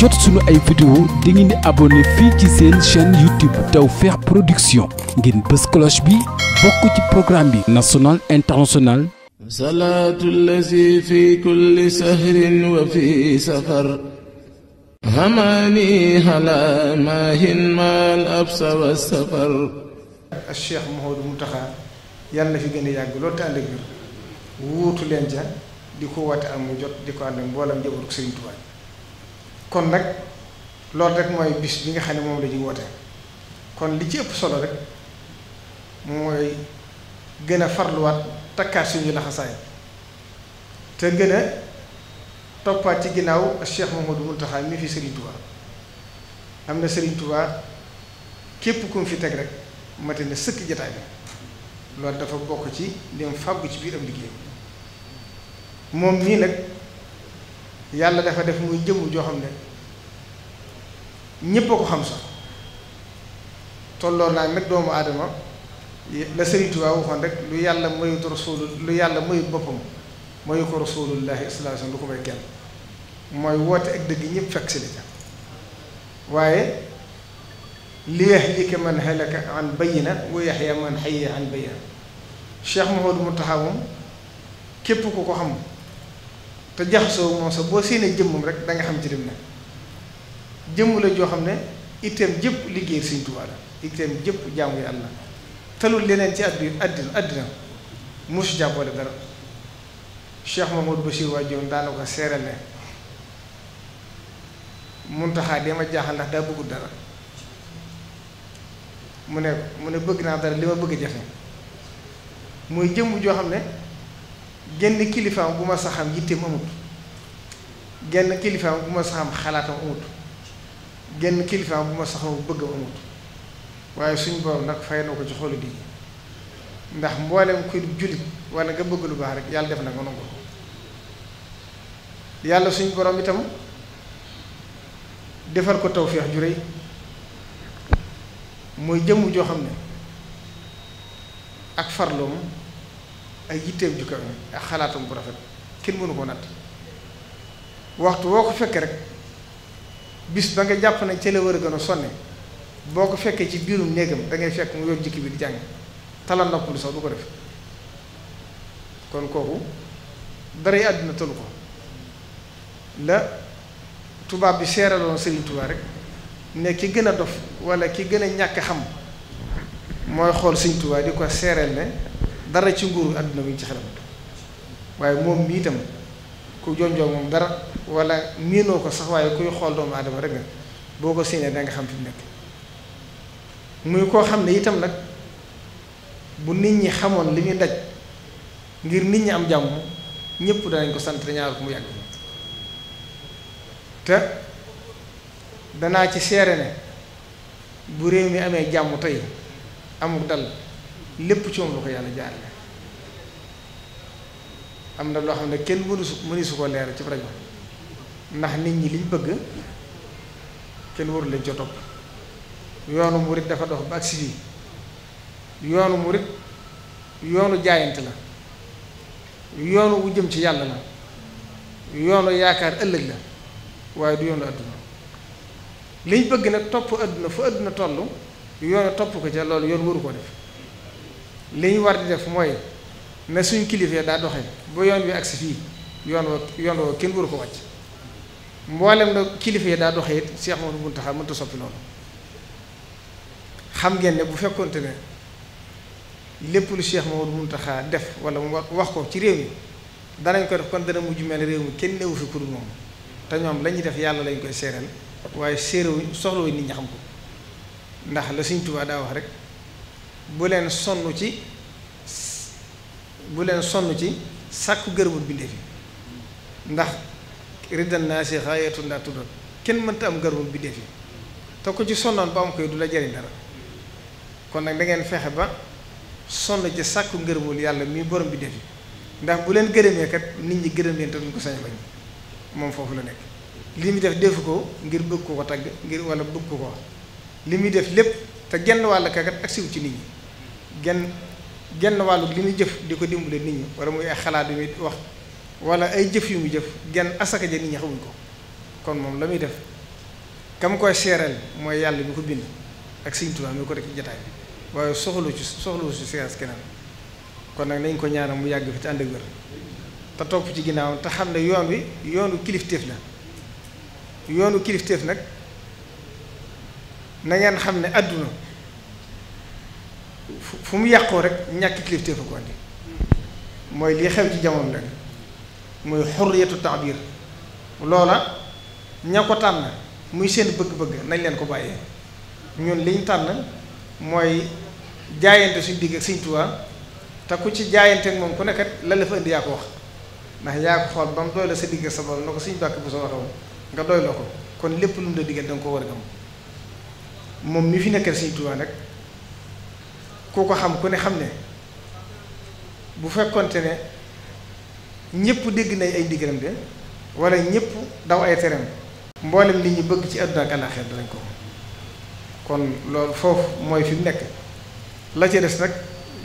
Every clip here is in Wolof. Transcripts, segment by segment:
jot suñu ay vidéo da ngeen di abonné fii ci seen chaîne YouTube Tawfekh Production ngeen bës cloche bi bokk ci programme bi national international salaatu llazi fi kulli sahrin wa fi safar hamani ala mahin mal absa wa safar ak Cheikh Mouhamadou Mountakha yàlla na fi gën a wuutu leen ja di ko woote am jot di ko ànd mboolam njabootu Sëriñ Tuubaa kon nag loolu rek mooy bis bi nga xam ne moom lañuy ñu woote kon li ci ëpp solo rek mooy gën a farluwaat takkaat suñu laxasaay te gën a toppaat ci ginnaaw Cheikh Mouhamadou Mountakha mi fi Serigne am na Serigne Touba képp ku mu fi teg rek mate na sëkk jataay bi loolu dafa bokk ci dem fàggu ci biir am liggéeyam moom nii nag. yàlla dafa def muy jëmm joo xam ne ñépp a ko xam sax tolloon naa nag doomu aadama la Sëriñ Tuubaa waxoon rek lu yàlla mayut rasuulu lu yàlla mayut boppam mayu ko rasuulullahi sallallahu alayhi wasallam lu ko may kenn mooy woote ak dëgg ñëpp fekk si li ca waaye li yahlika man halaka an bayyina wa yahya man hayya an bayyina Cheikh Mouhamadou Mountakha moom képp ku ko xam te jaxasoo moom sax boo séenee jëmmam rek da xam ci lim ne jëmm la joo xam ne itteem jëpp liggéey Sëriñ Tuubaa jëpp jàmm jëpp jaamu na talul leneen ci àddina àddina mosu jàppale dara Cheikh Mamadou Bachir jaaxal ndax daa bëggul dara mu ne mu ne bëgg naa dara li ma bëgg a jafe muy jëmm joo xam ne. genn kilifaam bu ma saxam yitteem amut genn kilifaam bu ma saxam xalaatam amut genn kilifaam bu ma saxam bëggam amut waaye suñu borom nag fay na ko ci xolu di ndax mboolem kuy jullit wala nga bëgg lu baax rek yàlla def na nga nangu ko yàlla suñ borom itam defar ko tawféex ju rëy mooy jëmm joo xam ne ak farloom ay yitteem ju kawe ak xalaatam bu rafet kenn mënu koo natt waxtu woo ko fekkee rek bis ba nga jàpp na ca la war a gën a sonne boo ko fekkee ci biirum néegam da ngay fekk mu yor jikki bi di jàng talal noppalu sax du ko def kon kooku dara àdduna àddina ko la tubaab bi seeraloon Sëriñ Tuubaa rek ne ki gën a dof walla ki gën a ñàkk xam mooy xool Sëriñ Tuubaa di ko seeral ne dara ci nguuru àdduna bi ñu ci xelam waaye moom mi itam ku jonjoo moom dara wala miinoo ko sax waaye kuy xool doomu aadama rek boo ko séenee danga xam fi mu nekk muy koo xam ne itam nag bu nit ñi xamoon li muy daj ngir nit ñi am jàmm ñëpp danañ ko sant ñaar ko mu yàgg te danaa ci seere ne bu réew mi amee jàmm tey amul dal lépp ci moom la ko yàlla jaarale am na loo xam ne kenn mënu su mënu su ko leer ci rajo ndax nit ñi liñ bëgg kenn waru lañ ca topp yoonu murit dafa dox ba agsi bi yoonu murit yoonu jaayante la yoonu wu jëm ci yàlla la yoonu yaakaar ëllëg la waaye du yoonu àdduna liñ bëgg nag topp àdduna fa àdduna toll yoonu topp ko ca loolu yoon waru koo def li ñu war di def mooy na suñ kilifee daa doxe ba yoon wi agsi fii yoon wa yoon wa kenn waru ko wàcc mboolem na kilifee daa doxe it Cheikh Mouhamadou Mountakha mënta soppi loolu xam ngeen ne bu fekkonte ne lépp lu Cheikh mun taxaa def wala mu wax ko ci réew mi danañ ko def kon dana mujj mel réew mi kenn newu fi ku moom te ñoom la ñuy def yàlla lañ koy séeral waaye séeréw soxlawuñ nit ñi xam ko ndax la suñu Tuubaa daa wax rek bu leen sonn ci bu leen ci sàkku gërëmul bindee fi ndax riddan naa si xaayatul ndaa tuddoon kenn mënta am gërëmul bindee fi te ko ci sonnoon ba am koy du la jariñ dara kon nag da fexe ba sonn ci sakku ngërëmul yàlla muy borom bindee fi ndax bu leen gërëmee nit ñi gërëm leen te duñ ko sañ bañ moom foofu la nekk li muy def defu ko ngir bëgg ko ko tagg ngir wala bëgg ko ko wax li muy def lépp te genn wàll kakat ak ci nit ñi genn genn wàllu li muy jëf di ko dimbale nit ñi wala muy ay xalaat yu muy wax wala ay jëf yu muy jëf genn asaka ja nit ñi xamuñ ko kon moom la muy def kam koy seereel mooy yàlla bi ko bind ak Sëriñ Tuubaa mi ko def ci jataay waaye soxlu ci soxlu ci kon nag nañ ko ñaanal mu yàgg fi ci ànd ak wér te topp ci ginnaaw te xam ne yoon wi yoonu kilifteef la yoonu kilifteef nag na ngeen xam ne àdduna fu mu yàqoo rek ñàkk kilifte fa ko andi mooy li xew ci jamono rek mooy xurriyatu taabir loola ña ko tànn muy seen bëgg-bëgg nañ leen ko bàyyee ñun liñ tànn mooy jaayante suñ digg ak Sëñ Tuubaa te ku ci jaayante ak moom ku nekkat la la fa indi yaa ko wax ndax yaa ko xool ba mu sa digg ak sa borom na ko bàkk bu sa waxee nga doyloo ko kon lépp lu mu la diggal da ko war a gëm moom mi fi nekkal Sëñ Tuubaa nag ku ko xam ku ne xam ne bu fekkonte ne ñëpp dégg nañ ay ndigalam de wala ñëpp daw ay tereem mboolem li ñu bëgg ci àdduna ak àllaaxira danañ ko kon loolu foofu mooy fi mu nekk la ci des nag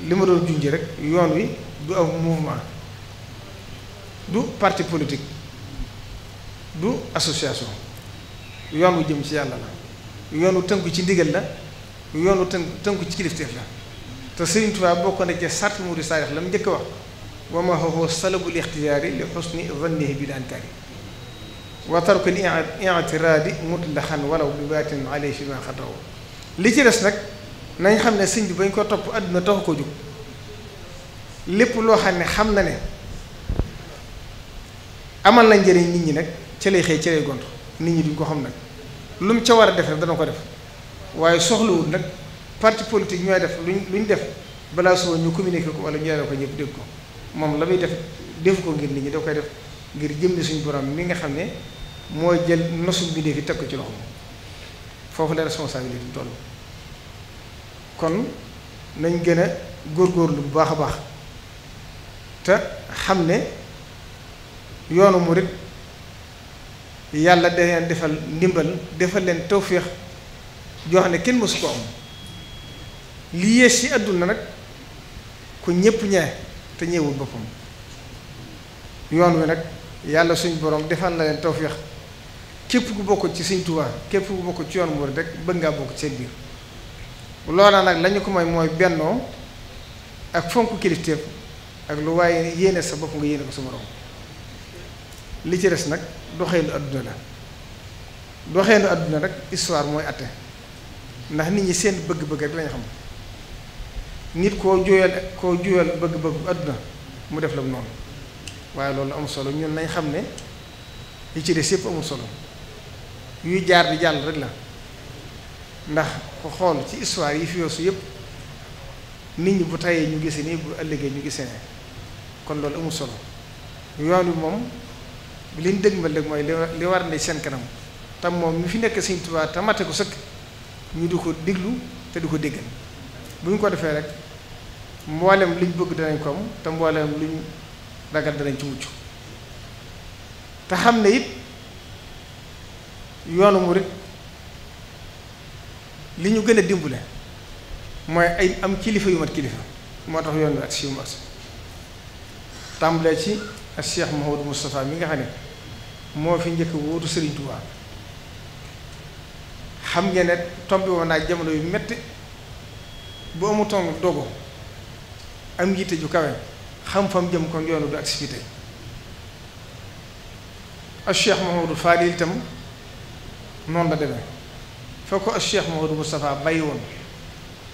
li ma doon junj rek yoon wi du am mouvement du parti politique du association yoon wu jëm ci yàlla la yoon wu tënku ci ndigal la yoon wu tënku tënku ci kilifteef la te Sëriñ Tuubaa bokk na ci sart murid saalix la mu njëkk wax wa ma huwa salabul ixtiyaari li xusni zannihi bil ankaari wa tarkul i'tiraadi mutlaxan walaw bi baatin alayhi fi a xadraw li ci des nag nañ xam ne sëñ bi bañ ko topp àdduna taxu ko jug lépp loo xam ne xam na ne amal na njëriñ nit ñi nag ci lay xëy ci gont nit ñi duñ ko xam nag lu mu ca war a def nag dana ko def waaye soxlawul nag parti politique ñooy def lu ñu def balaa soo ñu communiqué ko wala ñu yore ko ñëpp dégg ko moom la muy def defu ko ngir nit ñi da koy def ngir jëmmi suñu borom mi nga xam ne mooy jël nosu mbindeef yi teg ko ci loxo foofu la responsabilité toll kon nañ gën a góorgóorlu lu baax a baax te xam ne yoonu murit yàlla da leen defal ndimbal defal leen tawféex joo xam ne kenn mësu ko am li yées ci àdduna nag ku ñépp ñee te ñeewul boppam yoon wi nag yàlla suñu borom defal na leen tawféex képp ku bokk ci Sëñ Tuubaa képp ku bokk ci yoon mu rek bëgg ngaa bokk ci seen biir loola nag lañu ko may mooy bennoo ak fonk kilifteef ak lu waaye yéene sa bopp nga yéene ko sa borom li ci des nag doxeenu àdduna la doxeenu àdduna rek histoire mooy atte ndax nit ñi seen bëgg-bëgg rek lañu xam nit koo juyal koo juyal bëgg-bëgg àdduna mu def la noonu waaye loolu amul solo ñun nañ xam ne li ci des yëpp amul solo yuy jaar di jàll rek la ndax ko xool ci histoire yi fi yoosu yëpp nit ñi bu tayee ñu gisee nii bu ëllëgee ñu gise ne kon loolu amul solo yoon wi moom liñ dëgmal rek mooy li war ne seen kanam tam moom mi fi nekk Sëñ Tuubaa tamate ko sëkk ñu di ko diglu te du ko déggal bu ñu ko defee rek mboolem liñ bëgg danañ ko am te mboolem luñ ragal danañ ci mucc te xam ne it yoonu murit li ñu gën a dimbale mooy ay am kilifa yu mat kilifa moo tax yoon wi ak si yu mat tàmbalee ci ak Cheikh Mouhamadou Moustapha mi nga xam ne moo fi njëkk wóotu Serigne Touba xam ngeen ne tombé naa jamono yu metti bu amutoon dogo am yitte ju kawe xam fam jëm kon yoonu du activité ak Cheikh Mahamadou Fadil itam noonu la demee foo ko ak Cheikh Mahamadou Moustapha bàyyi woon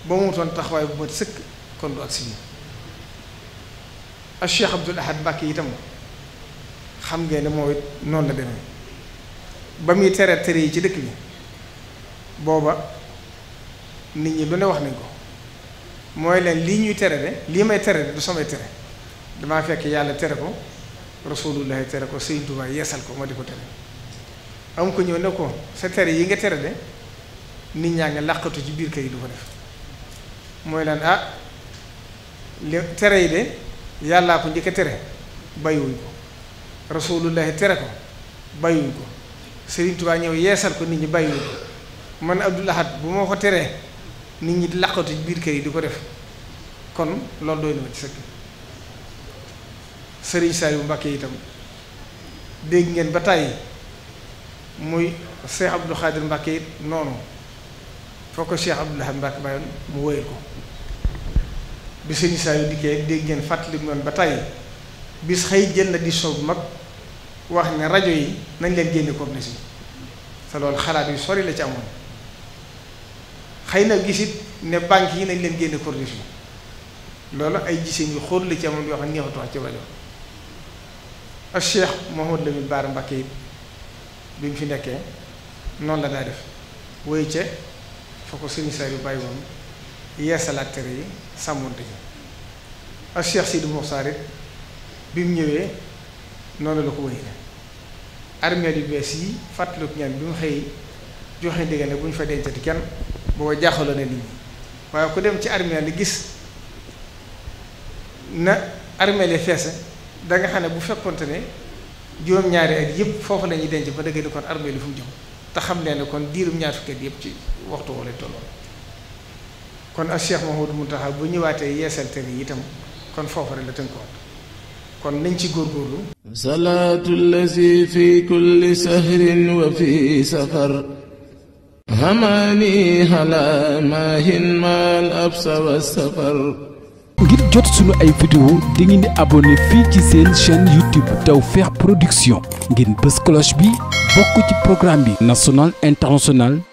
ba mu amutoon taxawaay bu mat sëkk kon du agsi bi ak Cheikh Abdoul Ahad Mbacke itam xam ngeen ne mooy noonu la demee ba muy tere tere yi ci dëkk bi booba nit ñi lu ne wax nañ ko mooy leen lii ñuy tere de lii may tere de du samay tere damaa fekk yàlla tere ko rasulullahi tere ko Sëriñ Tuubaa yeesal ko ma di ko am ko ñëw ko sa yi nga tere nit ñaa ngi làqatu ci biir kër du ko def mooy leen ah li tere de yàllaa ko tere bàyyiwuñ ko rasulullahi tere ko ko Sëriñ Tuubaa ñëw yeesal ko nit ñi bàyyiwuñ ko man Abdul Ahad bu ma ko teree nit ñi di laqatu biir kër yi di ko def kon loolu doy na ma ci sëkk sëriñ Saliou Mbacké itam dégg ngeen ba tàyyi muy Cheikh Abdou Khadir Mbacké it noonu foo ko Cheikh Abdou Lahad Mbacké bàyyoon mu wóyal ko bi sëriñ Saliou dikkee dégg ngeen fàttali noonu ba tàyyi bis xëy jël na di soobu mag wax ne rajo yi nañ leen génne ko na si te loolu xalaat yu sori la ci amoon xëy na gisit ne banque yi nañ leen génne corniche bi loolu ay giseen yu xóot la ci amoon yoo xam neexatu wax ci rajo ak Cheikh Mouhamadou Lamine Bara Mbacké it bi mu fi nekkee noonu la daa def woyu ca fa ko sëriñ yu bàyyi woon yeesalaat tere yi sàmmoonte ci ak Cheikh Sidi Moukhtar it bi mu ñëwee noonu la ko wéy ne yu bees yi fàttaliku ñaan bi mu xëy joxe ndigal ne bu ñu fa dencati kenn booba jaaxaloo na nit ñi waaye ku dem ci armeel li gis na armeel yi feese danga xam ne bu fekkonte ne juróom-ñaari at yëpp foofu la ñuy denc ba dëgg ni kon armeel yi fu mu jëm te xam leen ne kon diirum ñaar fukki yëpp ci waxtu woo lay tolloon ñëwaatee yeesal tere itam kon foofu rek la tënkoon kon nañ ci góorgóorlu salaatu llazi fi kulli sahrin wa fi safar hamali hala ngir jot sunu ay vidéo di ngeen di abonné fii ci seen chaîne YouTube Tawfekh Production ngeen bës cloche bi bokk ci programme bi national international